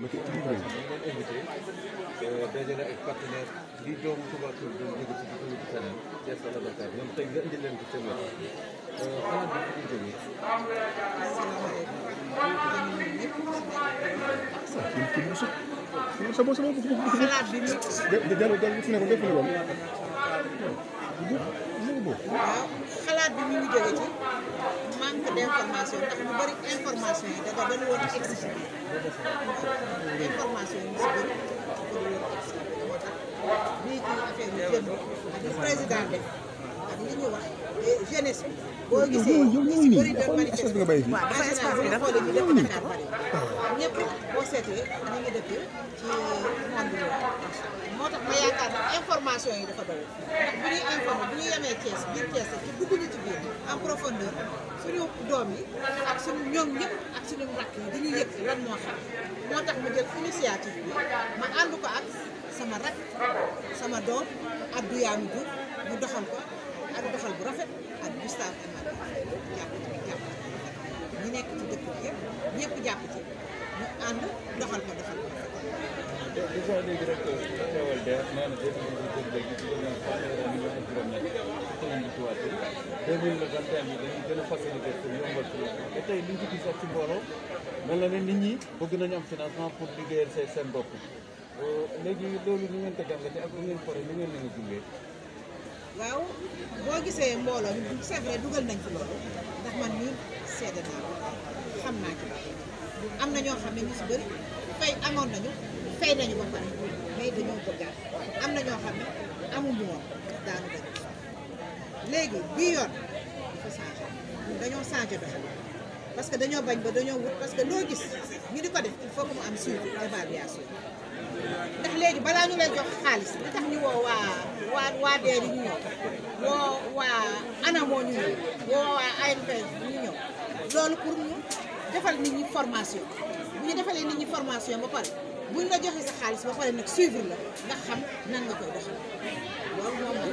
ma ci am réew dajale ay partenaire di doomu Touba Toul doon jóge ci di ñi Sénégal des na Dakar ñoom tey nga indi leen ko seen wàll xalaat bi ñu jógee salaamaaleykum sa bo sama bu ko ko ko waaw xalaat bi mu ngi jóge mu bëri information yi dafa bëri woon yi dafa li président bari ñëpp boo seetee ñu ngi dëkk ci monde moo tax ma yaakaar ne information yi dafa bëri Thiès biir Thiès ci dugg ñu ci biir en profondeur suñu doom yi ak suñu ñoom ñëpp ak suñu rakk yi dañuy yëg lan moo xam moo tax ma jël initiative bi ma ànd ko ak sama rakk sama doom Abdou Yamou Diouf mu doxal ko ak doxal bu rafet ak Gustave Amady jàpp ci ñu nekk ci dëkk bi yëpp ñëpp jàpp ci ñu ànd doxal ko doxal juróom-ñett ci lañ ñu tuwaat bi deux mille vingt et un bi dañuy gën a facilité pour yombal suñu te tey liñ ci gis ak ci mbooloo mel na ne nit ñi bëgg nañu am financement pour liggéeyal seen seen bopp léegi loolu ñu ngeen ko jàngate ak lu ngeen xore ñu ngeen leen a jungee waaw boo gisee mbooloo c'est vrai dugal nañ ci loolu ndax man ñu seede naa xam naa ci am na ñoo xam ne ñu si bëri fay amoon nañu fay nañu ba pare mais dañoo bëggaat am na ñoo xam ne amuñu woon daanu dañ léegi bii yoon dafa changé dañoo changé doxal parce que dañoo bañ ba dañoo wut parce que loo gis ñu di ko def il faut que mu am suivi évaluation ndax léegi balaa ñu leen jox xaalis li tax ñu woo waa waa waa DER ñu ñëw woo waa ANAMO ñu ñëw woo waa ANPEJ ñu ñëw loolu pour mu defal nit ñi formation bu ñu defalee nit ñi formation ba pare. buñ la joxee sa xaalis ba pare nag suivre la nga xam nan nga koy doxal loolu moom mooy.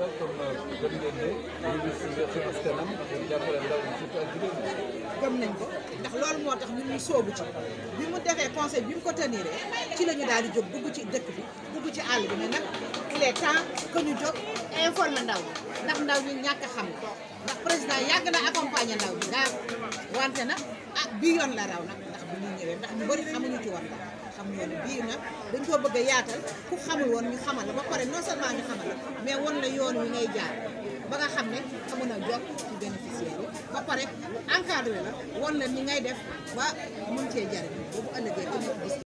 la président euh, nañ ko ndax loolu moo tax ñun ñu sóobu ci bi mu defee conseil bi mu ko tenir ci la daal di jóg dugg ci dëkk bi dugg ci àll bi mais nag il est temps que ñu jóg informé ndaw ndax ndaw ñi ñàkk a xam ndax président yàgg na accompagner ndaw ñi daal wante na ah bi yoon la raw nag. bi ñu ñëwee ndax ñu bëri xamuñu ci woon dara xam ñoo ne bii nag dañ koo bëgg a yaatal ku xamul woon ñu xamal la ba pare non seulement ñu xamal la mais woon la yoon wi ngay jaar ba nga xam ne amun a jot ci bénéficiaire yi ba pare encadré la woon la ni ngay def ba mën cee jariñ boobu ëllëgee